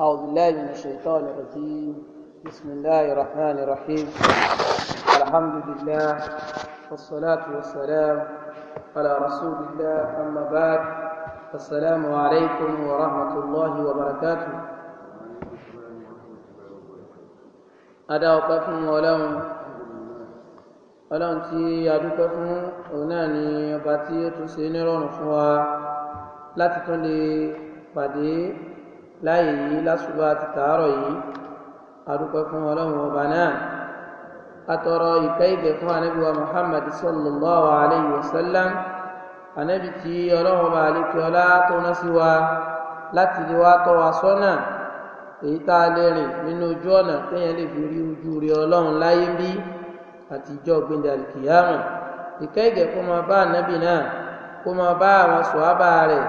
أعوذ بالله من الشيطان الرجيم بسم الله الرحمن الرحيم الحمد لله والصلاة والسلام على رسول الله أما بعد السلام عليكم ورحمة الله وبركاته أدعو قفهم ولهم ọlọ́run tí a dúpẹ́ fún òun náà ni ọba tí ó tún ṣe nírọ̀rùn fún wa láti tún lè pàdé láyé yìí lásùbà ti tàárọ̀ yìí adúpẹ́ fún ọlọ́run ọba náà atọrọ ìkẹ́ ìgẹ̀ fún anábì wa muhammad sallallahu alayhi wa sallam anábì tí ọlọ́run ọba àlekè ọlá tó ná sí wa láti lè wá tọ́ wa sọ́nà èyí tá a lè rìn nínú ojú ọ̀nà téèyàn lè fi rí ojú rí ọlọ́run láyé bí àti ìjọ gbẹ̀ndẹ̀ àlùkìyàmù ìkẹ́ ìgẹ̀ kó máa bá anábì náà kó máa bá àwọn sọ̀hábà rẹ̀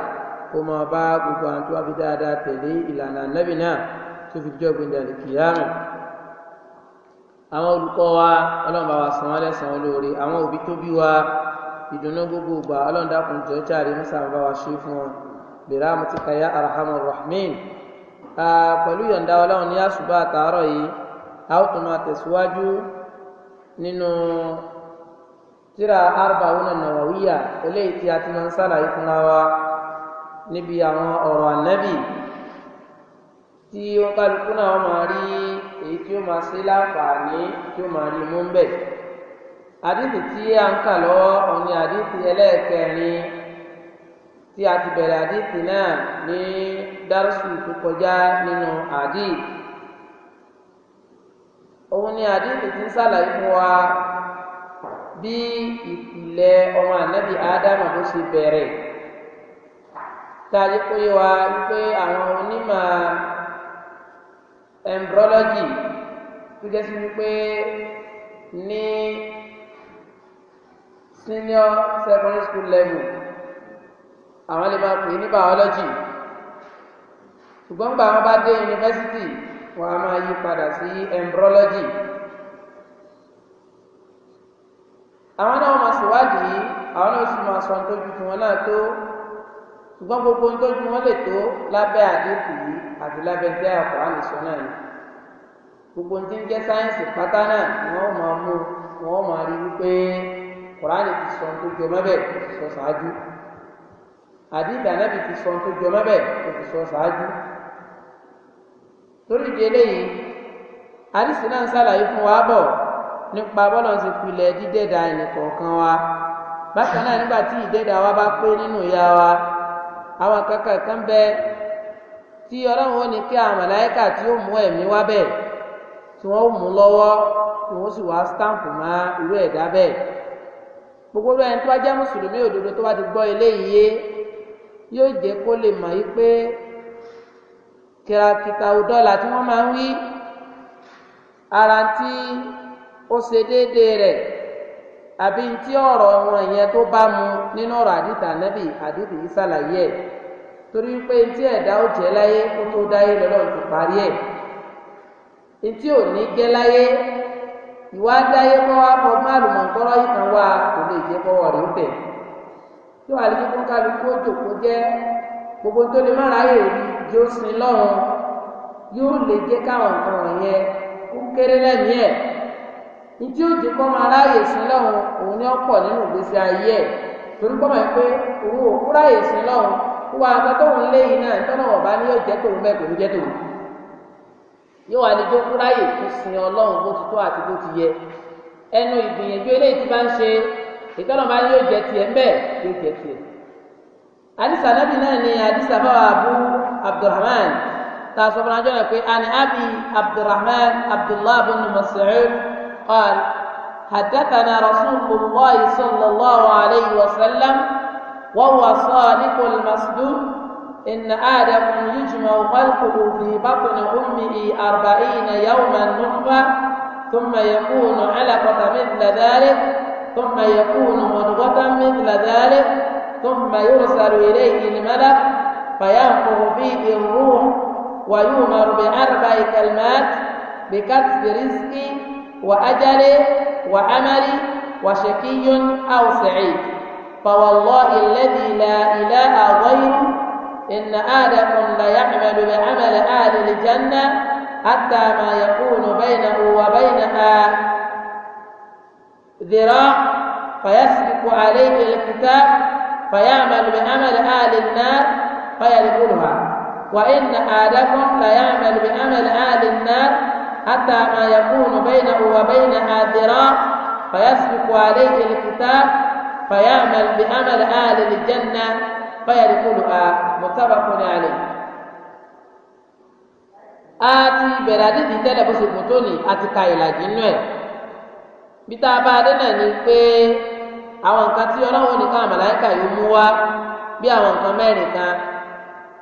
kó máa bá gbogbo àwọn tó wá fi dáadáa tẹ̀lé ìlànà ànábì náà tó fi jọ́ ìpínlẹ̀ àlùkìyàmù àwọn olùkọ́ wa ọlọ́run bá wa san wọ́n lẹ́san olóore àwọn òbí tó bí wa ìdùnnú gbogbo ìgbà ọlọ́run dákun jọ jáde ní sàmúbá wa ṣe fún wọn bèrè àmì ti kàyà arahamu rahmin pẹ̀lú yọ̀ǹda ọlọ́run ní àṣùbà àtàárọ̀ yìí a ó tún máa tẹ̀síwájú nínú tíra arbaun an-nawawiyya eléyìí tí a ti máa ń sàlàyé fúnra wa níbi àwọn ọ̀rọ̀ ànábì tí ó kálukú náà máa rí èyí tí ó máa ṣe láǹfààní tí ó máa rí mú bẹ̀. àdìsí tí a ń kà lọ́wọ́ ọ̀ni àdìsí ẹlẹ́ẹ̀kẹrin tí a ti bẹ̀rẹ̀ àdìsí náà ní dárúsù tó kọjá nínú àdìsí. òun ni àdìsí ti ń ṣàlàyé fún wa bí ìpìlẹ̀ ọmọ ànábì ádámà ló ṣe bẹ̀rẹ̀ tàbí kó yé wa wípé àwọn onímọ̀ embryology tó jẹ́ sí wípé ní senior secondary school level àwọn lè máa pè ní biology ṣùgbọ́n gbà wọn bá dé yunifásitì wọn a máa yí padà sí embryology àwọn náà máa ṣèwádìí àwọn náà sì máa sọ tójú tí wọn náà tó ṣùgbọ́n gbogbo ohun tó ju wọn lè tó lábẹ́ àdínkù yìí àti lábẹ́ tí àpò àlùsọ náà ni gbogbo ohun tí ń jẹ́ sáyẹ́ǹsì pátá náà ni wọ́n máa mú wọ́n máa rí wípé kùránì ti sọ tó jọ mọ́bẹ̀ kò ti sọ ṣáájú àdìgbà anábì ti sọ tó jọ mọ́bẹ̀ kò ti sọ ṣáájú torí ìdí eléyìí àdìsí náà ń ṣàlàyé fún wa bọ̀ nípa bọ́lọ̀ ti pilẹ̀ dídẹ̀dà ẹnì kọ̀ọ̀kan wa bákan náà nígbà tí ìdẹ̀dà wa bá pé nínú ìyá wa àwọn kankan kan bẹ tí ọlọ́run ó ní kí àwọn màláíkà tí ó mú ẹ̀mí wá bẹ̀ tí wọ́n ó mú lọ́wọ́ tí wọ́n sì wá stamp mọ́ irú ẹ̀dá bẹ́ẹ̀ gbogbo ẹni tó bá jẹ́ mùsùlùmí òdodo tó bá ti gbọ́ eléyìí yé yóò jẹ́ kó lè mọ̀ yí pé kìràkìtà òdọ́là tí wọ́n máa ń wí ara tí ó ṣe déédéé rẹ̀ àbí tí ọ̀rọ̀ wọn yẹn tó bá mu nínú ọ̀rọ̀ àdìtà nẹ́bì àdìtì yìí ṣàlàyé ẹ̀ torí pé tí ẹ̀dá ó jẹ́ láyé kó tó dáyé lọ́lọ́run ti parí ẹ̀ etí ò ní jẹ́ láyé ìwà dáyé kọ́ wá kọ́ máàlùmọ̀ kọ́rọ́ yìí kan wá kò lè jẹ́ kọ́wọ́ rẹ̀ ó tẹ̀ tó wà fún kálukú ó jòkó jẹ́ gbogbo tó lè má ráyè rí yóò sin yóò lè jẹ́ káwọn nǹkan wọ̀nyẹn ó kéré lẹ́mìí ẹ̀ ntí ó di kọ́ máa ráàyè sin lọ́hùn òun ni ó pọ̀ nínú ìgbésí ayé ẹ̀ torí kọ́ máa pé òun ò kúrò àyè sin lọ́hùn wíwá nǹkan tóun léyìn náà tọ́nà ọ̀bá ni yóò jẹ́ tòun bẹ́ẹ̀ kò ní jẹ́ tòun yóò wá ní tó kúrò àyè fún sin ọlọ́hun bó ti tó àti bó ti yẹ ẹnu ìgbìyànjú eléyìí ti bá ń ṣe ìtọ́nà bá yóò jẹ́ tiẹ̀ bẹ́ẹ̀ yóò jẹ́ tiẹ̀ àdìsá nábì náà ni àdìsá báwa abu abdulrahman tá sọ fún ajọ́ náà pé àni abi abdulrahman abdullah bin mas'ud قال حدثنا رسول الله صلى الله عليه وسلم وهو صادق المصدوق إن آدم يجمع خلقه في بطن أمه أربعين يوما نطفة ثم يكون علقة مثل ذلك ثم يكون مضغة مثل ذلك ثم يرسل إليه الملك فينفخ فيه الروح ويؤمر بأربع كلمات بكسب رزقه وأجل وعمل وشقي أو سعيد فوالله الذي لا إله غير إن آدم ليعمل بعمل آل الجنة حتى ما يكون بينه وبينها ذراع فيسبق عليه الكتاب فيعمل بعمل آل النار فيدخلها وإن آدم ليعمل بعمل آل النار حتى ما يكون بينه وبينها ذراع فيسبق عليه الكتاب فيعمل بعمل آل الجنة فيدخلها متفق عليه àti bẹ̀rẹ̀ àdìdì tẹ́lẹ̀ bó ṣe gùn tó ní àti ka ìlàjì inú ẹ̀ bí tá a bá dé náà ni pé àwọn nǹkan tí ọlọ́run ní káwọn màláìka yóò mú wá bí àwọn nǹkan mẹ́rin kan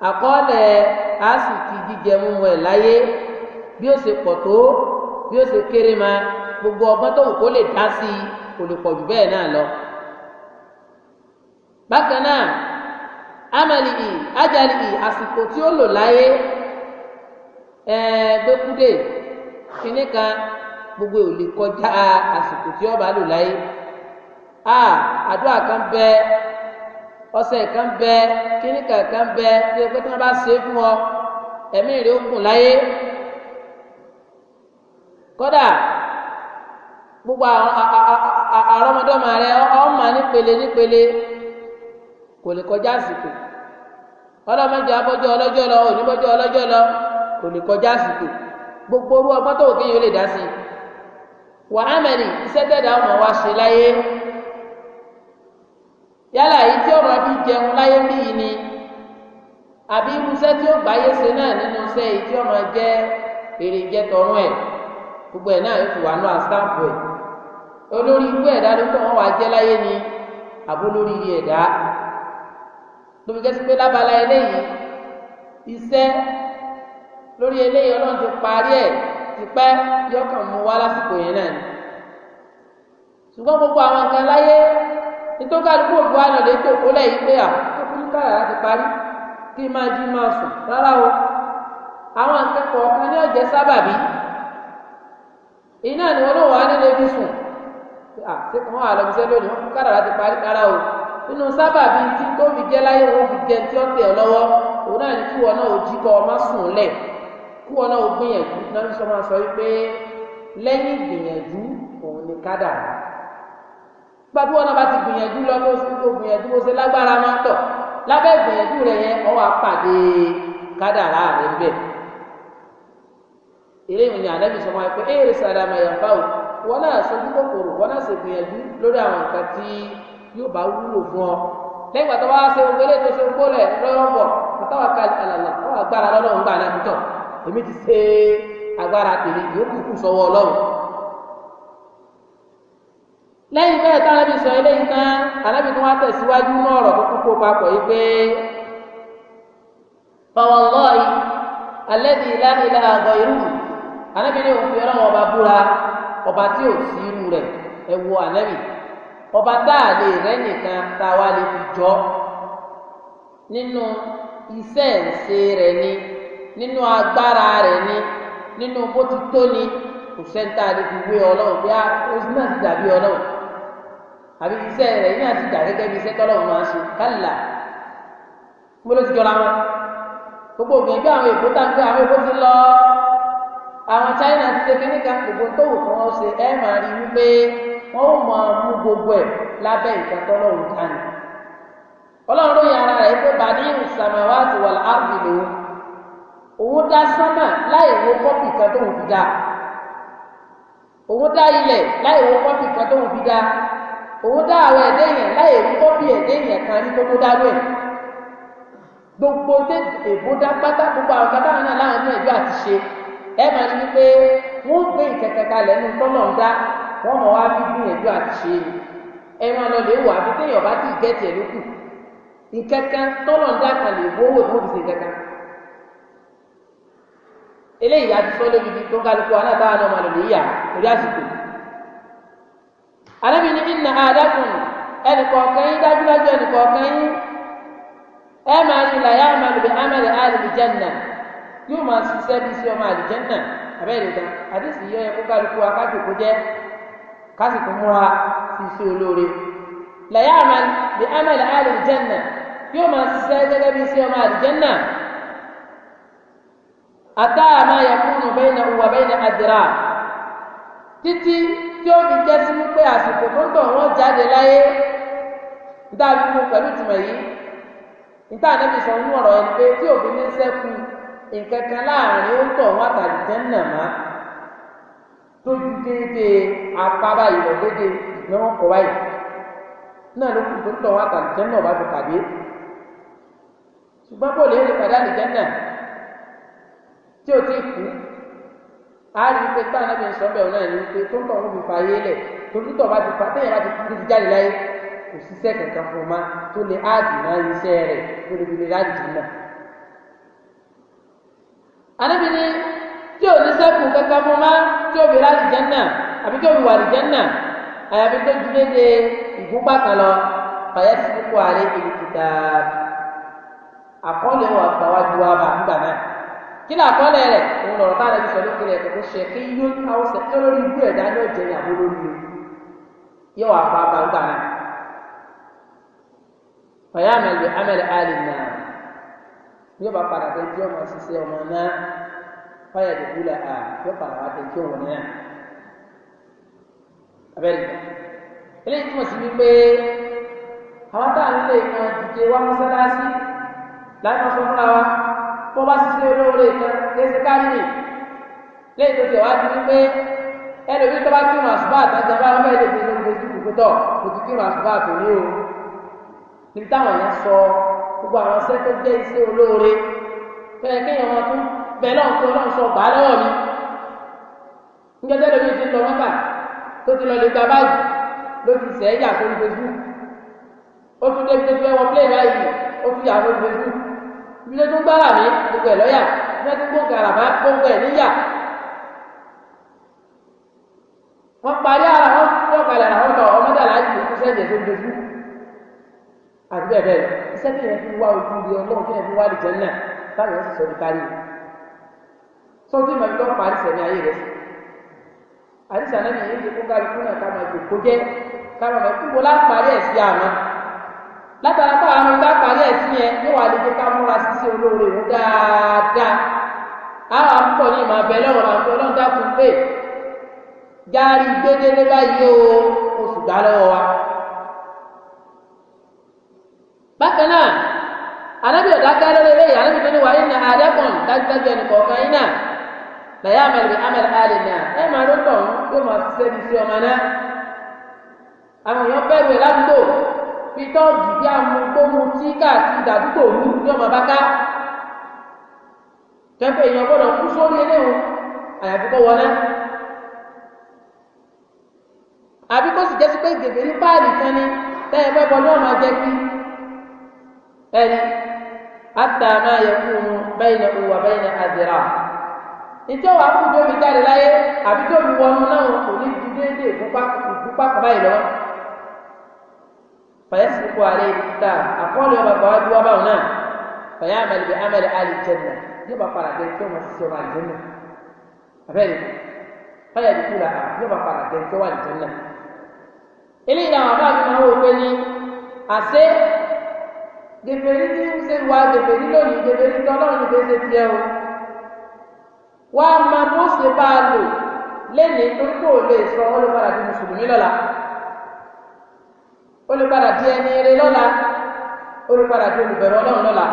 àkọọ́lẹ̀ bí ó ṣe pọ̀ tó bí ó ṣe kéré ma gbogbo ọgbọ́n tó wù kó lè dá sí i kò lè pọ̀ jù bẹ́ẹ̀ náà lọ. bákan náà amali i ajali i àsìkò tí ó lò láyé ẹ̀ẹ́ gbẹ́kúdè kíní kan gbogbo ò lè kọjá àsìkò tí ó lò láyé a àdúrà kan bẹ ọsẹ kan bẹ kíní kan kan bẹ tí ẹgbẹ́ tí wọ́n bá ṣe fún ọ ẹ̀mí rẹ̀ ó gùn láyé. kódà gbogbo àrọ́mọdọ́mọ rẹ ọmọ nípele nípele kò lè kọjá àsìkò ọlọ́mọdé abọ́jọ́ ọlọjọ lọ oníbọ́jọ́ ọlọjọ lọ kò lè kọjá àsìkò gbogbo orú ọgbọ́n tó kéye ó lè dá sí i iṣẹ́ tẹ̀dá ọmọ wa ṣe láyé yálà yìí tí bí jẹun láyé bí yìí ni àbí irúṣẹ́ tí ó gbáyé iṣẹ́ yìí ọmọ gbogbo ẹ̀ náà yóò fi wà nù àstáǹpù ẹ̀ olórí ikú ẹ̀dá ló kọ́ wọn wàá jẹ́ láyé ni àbó lórí iye ẹ̀dá lóbi gẹ́sí pé lábala eléyìí iṣẹ́ lórí eléyìí ọlọ́run ti parí ẹ̀ tipẹ́ yọkàn mú wá lásìkò yẹn náà ni ṣùgbọ́n gbogbo àwọn nǹkan láyé nítòkàlùkù òbí wa lọ létò kó lẹ́yìn pé à ọkùnrin káyà láti parí kí n máa jí máa sùn rárá o àwọn nǹkan kọ̀ọ̀kan ní ọ̀jẹ̀ sábàbí iná ni wọn lóun wà nílé bí sùn wọn wà lọbi sẹlẹ òní wọn kára láti parí kára o nínú sábà bíi tí tó fi jẹ láyé wọn fi jẹ tí ó tẹ ọ lọ́wọ́ òun náà ní kí wọn náà ò jí kọ ọ má sùn lẹ kí wọn náà ò gbìyànjú náà ní sọ máa sọ wípé lẹ́yìn ìgbìyànjú òun ni kádàrá gbàgbé wọn náà bá ti gbìyànjú lọ ló sì tó gbìyànjú ó ṣe lágbára máa ń tọ lábẹ́ ìgbìyànjú rẹ yẹn ọwọ́ apàdé kádàrá rẹ bẹ́ẹ̀ eléyìí ni ànábì sọ máa pé éèrè sára máa yàn báwò wọn náà sojú kòkòrò wọn náà sì gbìyànjú lórí àwọn nǹkan tí yóò bá wúlò fún ọ lẹ́yìn pàtó wá ṣe gbogbo eléyìí tó ṣe gbó lẹ̀ lọ́wọ́ àtàwọn akáàlì àlàlà àwọn agbára lọ́lọ́run gbà náà tọ̀ èmi ti ṣe agbára tèmi yóò kú kú sọ́wọ́ ọlọ́run. lẹ́yìn bẹ́ẹ̀ tá ànábì sọ eléyìí tán ànábì tó wá tẹ̀síwájú anabi ní òfin ọlọ́run ọba búra ọba tí ò sí irú rẹ̀ ẹ wo anabi ọba tá a lè rẹ́ nìkan tá a wá lè fi jọ nínú iṣẹ́ ìṣe rẹ̀ ni nínú agbára rẹ̀ ni nínú bó ti tó ni kò sẹ́ńtà lè fi wé ọlọ́run bí a ah, ó náà ti dàbí ọlọ́run àbí iṣẹ́ rẹ̀ yín àti dà gẹ́gẹ́ bí iṣẹ́ tọ́lọ́run máa ṣe kálà mo ló ti jọra wọn gbogbo ògbìn bí àwọn èkó tá a gbé àwọn èkó ti lọ́ọ́ àwọn China ti ṣe kíníkà gbogbo tó wù kí wọ́n ṣe ẹ̀ máa rí wípé wọ́n ò mọ mú gbogbo ẹ̀ lábẹ́ ìtọ́tọ́ lọ́wọ́ dání ọlọ́run yẹn ara rẹ̀ pé bàdí ìsàmàwá ti wà láàbì lòun òun dá sánmà láì wo kọ́pì kan tóun fi dá òun dá ilẹ̀ láì wo kọ́pì kan tóun fi dá òun dá àwọn ẹ̀dẹ́ yẹn láì wo kọ́pì ẹ̀dẹ́ yẹn kan rí tó tó dá lóyè gbogbo tẹ èbó dá pátá gbogbo àwọn kábàámọ̀ náà láwọn ẹgbẹ́ àti ṣe. ẹ máa ní wípé wọ́n gbé ìkẹ̀kẹ̀ kalẹ̀ nínú tọ́nà wọn dá wá bí gbìyànjú ṣe ẹ máa lọ lè wò àbí téèyàn bá ti gẹ́tì ẹ̀ lókù ìkẹ̀kẹ̀ tọ́nà kan lè gbówó ìṣe eléyìí àti tó kálukú máa lọ lè yà àsìkò alábi ní yín dájúdájú yín ẹ máa ní làyà máa lò bí àlùbí jẹ́ nà yóò máa ṣiṣẹ́ bí sí ọmọ àlìjẹ́nà abẹ́rẹ́ gan àdìsí yọ ẹ kó kálukú akájòkó jẹ́ kásìkò múra sí iṣẹ́ olóore lẹ́yà àmàlì bí àmàlì àlìjẹ́nà yóò máa ṣiṣẹ́ gẹ́gẹ́ bí sí ọmọ àlìjẹ́nà àtà àmà yẹkùnù bẹ́ẹ̀ na òwà bẹ́ẹ̀ na àdìrà títí tí ó fi jẹ́ sí wípé àsìkò tó ń tọ̀ wọ́n jáde láyé ń dá pẹ̀lú ìtumọ̀ yìí ń sọ̀rọ̀ nínú ọ̀rọ̀ ẹni pé tí òbí ní sẹ́kù nǹkan kan láàrin ó tọ̀ wá tàlìjẹ́ nà má tójú déédéé apá báyìí lọ déédéé ìgbẹ́wọ̀n kọ báyìí náà ló kù tó tọ̀ wá tàlìjẹ́ nà bá ti pàdé ṣùgbọ́n bò lè lè pàdé àlìjẹ́ nà tí ò tí ì kú a rí i pé táwọn náà fi ń sọ bẹ́ẹ̀ náà ní pé tó ń tọ̀ wọ́n fi fa ayé lẹ̀ tójú tọ̀ bá ti fa téèyàn bá ti kú kò síṣẹ́ kankan fún un tó lè áàdì náà iṣẹ́ rẹ̀ tó lè fi lè láàdì náà. Ànábì ni tí o ní sẹ́kù kankan fún ma tí o fi láti àbí tí ó fi wà ní tó ju léde kan lọ fàyà sí kókó àlẹ́ ìlúkìtà àkọọ́lẹ̀ wà gbàwájú wa bá ń gbà náà kí ni àkọọ́lẹ̀ rẹ̀ òun lọ̀rọ̀ sọ lókè rẹ̀ kókó ṣe kí káwọ́ kí olórí yóò bá padà bẹ tí ọmọ ṣiṣẹ́ ọmọ náà fáyà dùkú la à yóò padà wá bẹ tí ọmọ náà abẹ́rẹ́ eléyìí túmọ̀ sí wípé àwọn táà ń lè kan dìde wá mọ́sálásí láti wọ́n sọ fúnra wa bó bá ṣiṣẹ́ olóore kan kéṣe káyìn lẹ́yìn tó ti wá di wípé ẹlòmíín tó bá kírun àṣùbà àtàjà bá wọn bẹ́ẹ̀ lè gbé lórí kòkòtò kò ti kírun àṣùbà àtòrí o níbi táwọn yẹn sọ gbogbo àwọn sẹ́kẹ́ jẹ́ iṣẹ́ olóore fẹ́ẹ́ kéèyàn wọn tún bẹ́ẹ̀ náà tó náà sọ gbà lọ́wọ́ mi nígbàdé lómi ti lọ mọ́kà tó ti lọ lè gba báyìí ló ti sẹ́ yà sórí facebook ó tún débi tó ti fẹ́ wọ play báyìí ó tún yà sórí facebook ibi tó tún gbára mi gbogbo ẹ̀ lọ́yà ibi tó tún gbòǹkà àràbá gbogbo ẹ̀ níyà wọ́n parí ara wọn tún lọ́kàlẹ̀ àwọn ọmọdé aláàjì tó tún sẹ́yìn àti bẹ́ẹ̀ bẹ́ẹ̀ lọ iṣẹ́ yẹn fi wá ojú rí ọlọ́run tí yẹn fi wá àlùjẹ́ náà táwọn yẹn sì sọ ní kárí sọ́ọ́tì máa lọ́ parí sẹ̀mí ayé rẹ̀ àdìsí ànáni yẹn ti kó kálukú náà ká máa jòkó jẹ́ ká máa kúbo láti parí ẹ̀ sí àná látara kó àwọn ìgbà parí ẹ̀ sí yẹn yóò wá lè jẹ́ ká múra sísè olóore ìwú dáadáa àwọn àkókò ní ìmọ̀ abẹ́ bákan náà anábì ọ̀dà kálẹ̀ lórí èyí tó ní wàá iná àdẹ́kùn dájúdájú ẹnì kọ̀ọ̀kan iná lẹ́yìn amẹ́lẹ́bí amẹ́lẹ́ àlè náà ẹ máa ló tọ̀ yóò máa ṣiṣẹ́ bí sí ọmọ náà àwọn èèyàn ládùúgbò fi tó mu tí káàkiri dàdúgbò mú ní ọmọ bá ká tẹ́fẹ́ èèyàn gbọ́dọ̀ kú sórí àyàfi kọ́ wọlé àbí kó sì jẹ́ sí pé gègé ní ẹni ata máa yẹ kúrú bẹ́yìn náà wà bẹ́yìn náà àdìrà ìjọ wa kú tóbi jáde láyé àbí tóbi wọnú náà kò ní ju déédéé ìfúnpá lọ fàyẹ́sì kó alẹ́ ìdíkà àkọọ́lẹ̀ ọba bàbá ju wa báwọn náà fàyẹ́ àmàlẹ́ bẹ àmàlẹ́ àlẹ́ jẹ́nà yóò bá para dé tí wọ́n máa ṣiṣẹ́ gèbèrè tí ń ṣe wà gèbèrè lónìí gèbèrè tọ́lọ́run kò ṣe tiẹ̀ o wá máa bó ṣe bá a lò lẹ́nìí tó kò lè sọ ó lè padà di mùsùlùmí lọ́la ó lè padà di ẹni eré lọ́la ó lè padà di olùbẹ̀rẹ̀ ọlọ́run lọ́la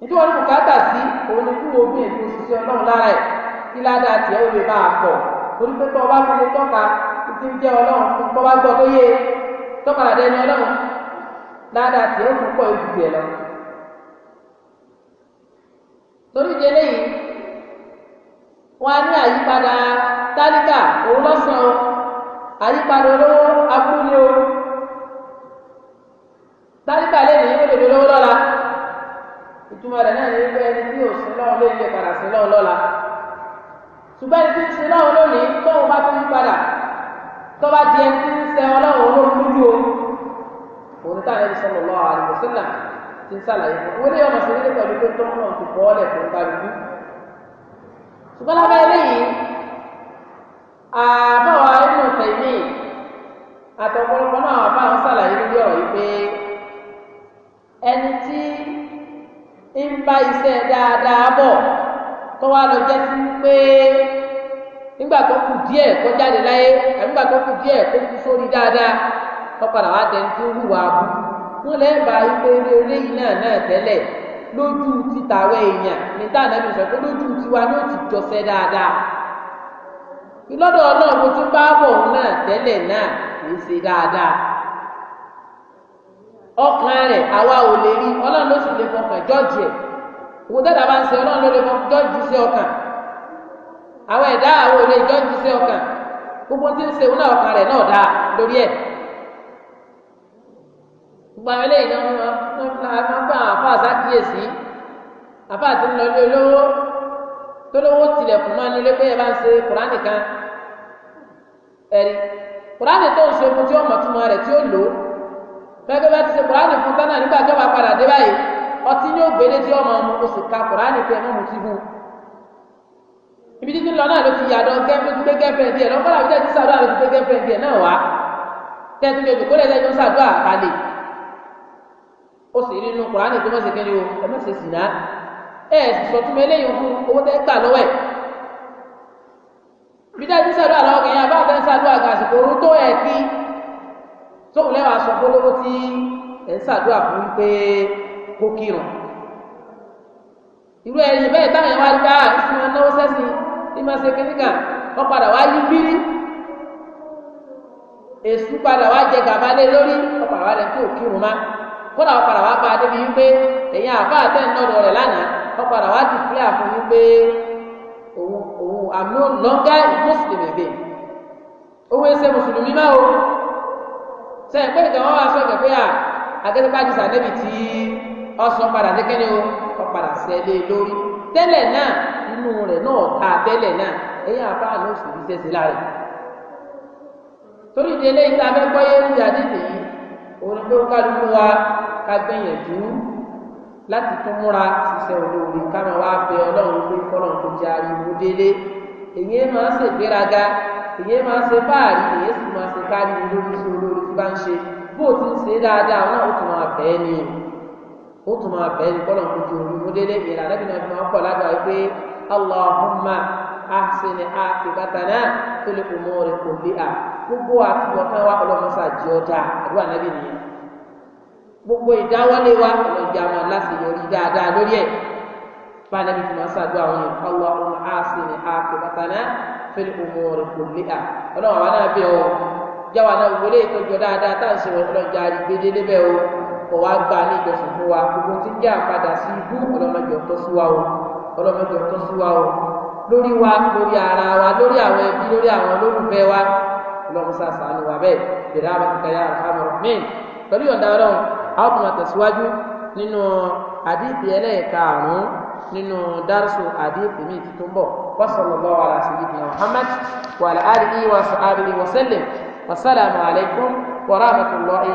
nítorí wọn bùkátà sí òun ni kú omi ètò òṣìṣẹ́ ọlọ́run lára ẹ̀ kí ládàá tiẹ̀ ó lè bá a pọ̀ torí pé tọ́ ọ bá fi lè tọ́ka títí ń jẹ́ ọlọ́run tó bá gbọ́ tó yé tọ́ka làdẹ́ni ọlọ́run dáadáa tiẹ̀ ó tún pọ̀ ojú tiẹ̀ lọ. torí di eléyìí wọn á ní àyípadà tálíkà òun lọ́sàn-án àyípadà olówó akúlé o tálíkà lẹ́nu yìí lóde olówó lọ́la ìtumọ̀ rẹ̀ náà ní wípé ẹni tí ò sí lọ́wọ́ lórí ilé padà sí lọ́wọ́ lọ́la ṣùgbọ́n ẹni tí ń sin lọ́wọ́ lónìí tóun bá tún yí padà tó bá di ẹni tí ń sẹ ọlọ́run olókùn lójú o òun tá àlẹ́ sọ̀rọ̀ lọ́wọ́ àlùmọ́sílà ti ń sàlàyé fún wọ́n ní ọmọ sí nílé pẹ̀lú pé tó náà ti bọ́ ọ̀lẹ̀ fún kálukú. ṣùgbọ́n lábẹ́ eléyìí àbáwá inú tẹ̀mí àtọ̀pọ̀lọpọ̀ náà wà báwọn sàlàyé lórí ọ̀rọ̀ yìí pé ẹni tí ń bá iṣẹ́ dáadáa bọ̀ tó wá lọ jẹ́ sí pé nígbà tó kù díẹ̀ kó jáde láyé àbí tó kù díẹ̀ kó kú sórí dáadáa. wọ́n padà wá dẹni tó hùwà abú wọ́n lẹ́ẹ̀ bá náà náà tẹ́lẹ̀ lójú títàwé èèyàn níta ànábì sọ pé lójú tiwa ló ti jọsẹ dáadáa lọ́dọ̀ mo bá bọ̀ náà tẹ́lẹ̀ náà ṣe dáadáa ọkàn rẹ̀ àwa ò lè rí ọlọ́run ló sì lè fọkàn jọ́ọ̀jì ẹ̀ gbogbo tí ń ṣe òun náà ọkàn náà dáa gbogbo àwọn eléyìí náà wọn máa bá àfa àsákìyèsí àfa àti ńlọlé olówó tó lówó tilẹ̀kùn máa nílé pé ẹ bá ń ṣe kùránì kan ẹ̀rí kùránì tó ń ṣe fún tí ó mọ̀ túmọ̀ rẹ̀ tí ó lò ó gbẹgbẹ bá ti ṣe kùránì fún tánà nígbà tí ó bá padà dé báyìí ọtí ní ògbélé tí ọmọ ọmọ oṣù ka kùránì pé ẹmọ mutí fún un ibi títí lọ náà ló ti yàdọ gẹfẹ tó gbé gẹfẹ díẹ̀ lọkọlá bí tẹsí sàdúrà ló ti gbé gẹfẹ díẹ̀ náà wá tẹsí ní olùkọ́ lẹ́sẹ̀ tó sàdúrà balẹ̀ ó sì rí inú kùránì tó mọ̀sẹ̀ kẹ́ni o ẹ má ṣe sì ná ẹ sọ fún mi eléyìí fún owó tẹ́ gbà lọ́wọ́ ẹ̀ bí dájú sàdúrà lọ́wọ́ kẹ́yìn abá fẹ́ sàdúrà gà àsìkò orú tó ẹ̀ kí tóun lẹ́wàá sọ pé lówó tí ẹ̀ ń sàdúrà fún pé kó kírun irú ẹ̀yìn bẹ́ẹ̀ táwọn wá gbá ìsìn wọn náwó sẹ́sìn ní máa ṣe kíníkà wọ́n padà wá yí bírí èsù padà wá jẹ gàba lé lórí wọ́n padà wá lẹ tí kírun má kódà wọ́n padà wá bá a débi wípé ẹ̀yin àbá àtẹ̀yìn lọ́dọ̀ rẹ̀ lánàá wọ́n padà wá dìklẹ́ àfún wípé òun òun I'm no longer a Muslim again owó ẹsẹ̀ mùsùlùmí máa o sẹ́yìn pé ìtàn wọn wá sọ kẹfẹ́ à akẹ́tẹ́pá ti sàdébì tí ọ̀sán padà dékẹ́ni o wọ́n padà sẹ́lẹ̀ lórí tẹ́lẹ̀ náà inú rẹ̀ náà ta tẹ́lẹ̀ náà ẹ̀yin àbá àlọ́ òsì torí ìdílé ìta òun pé ó kálukú wa ká gbìyànjú láti tún múra ṣiṣẹ́ olóore ká máa wá bẹ ọlọ́run pé kọ́lọ́run kò jẹ ariwo délé èyí máa ń ṣègbéraga èyí máa ń ṣe báàrí èyí sì máa ń ṣe báàrí lórí sí olóore tí bá ń ṣe bó ti ń ṣe dáadáa náà ó tún máa bẹ́ẹ̀ ni ó tún máa bẹ́ẹ̀ ni kọ́lọ́run kò jẹ ariwo délé ìlànà bí wọn máa ń pọ̀ lágbàá pé Allahumma ahsin aqibatana fil umuri kulliha gbogbo àtúbọ̀tán wa ọlọ́mọsá jẹ ọjà àdúrà nàbì nìyẹn gbogbo ìdáwọ́lé wa ọlọ́jà wọn láti yọrí dáadáa lórí ẹ̀ bá nàbì tí wọ́n ṣàdúrà wọn yẹn káwọ́ ọmọ àásì ní ààkè bàtàná fẹ́ẹ́ ọmọ rẹ̀ kò lé à ọlọ́wọ́n wa náà bẹ̀ ọ́ jáwa náà wọlé ìtọ́jú dáadáa tá à ń ṣe ọlọ́jà àrígbédé débẹ̀ o kọ̀ wá gbà ní ìjọsìn fún wa gbogbo tí ń jẹ́ àpadà sí ibú ọlọ́mọdé ọ̀tọ́ sí wa o ọlọ́mọdé ọ̀tọ́ sí wa o lórí wa lórí ara wa lórí àwọn ẹbí lórí àwọn olólùfẹ́ wa ọlọ́run sàṣà ni wà bẹ́ẹ̀ bẹ̀rẹ̀ àbàtìkàyà àmọ̀rọ̀mìn pẹ̀lú ọ̀dà ọlọ́run a ó tún àtẹ̀síwájú nínú àdìsí ẹlẹ́ẹ̀karùn-ún nínú dárúsù àdìsí mi tuntun bọ̀ wasallallahu ala sayyidina muhammad wa ala alihi wa sahbihi wa sallam wasalaamu alaykum wa rahmatulahi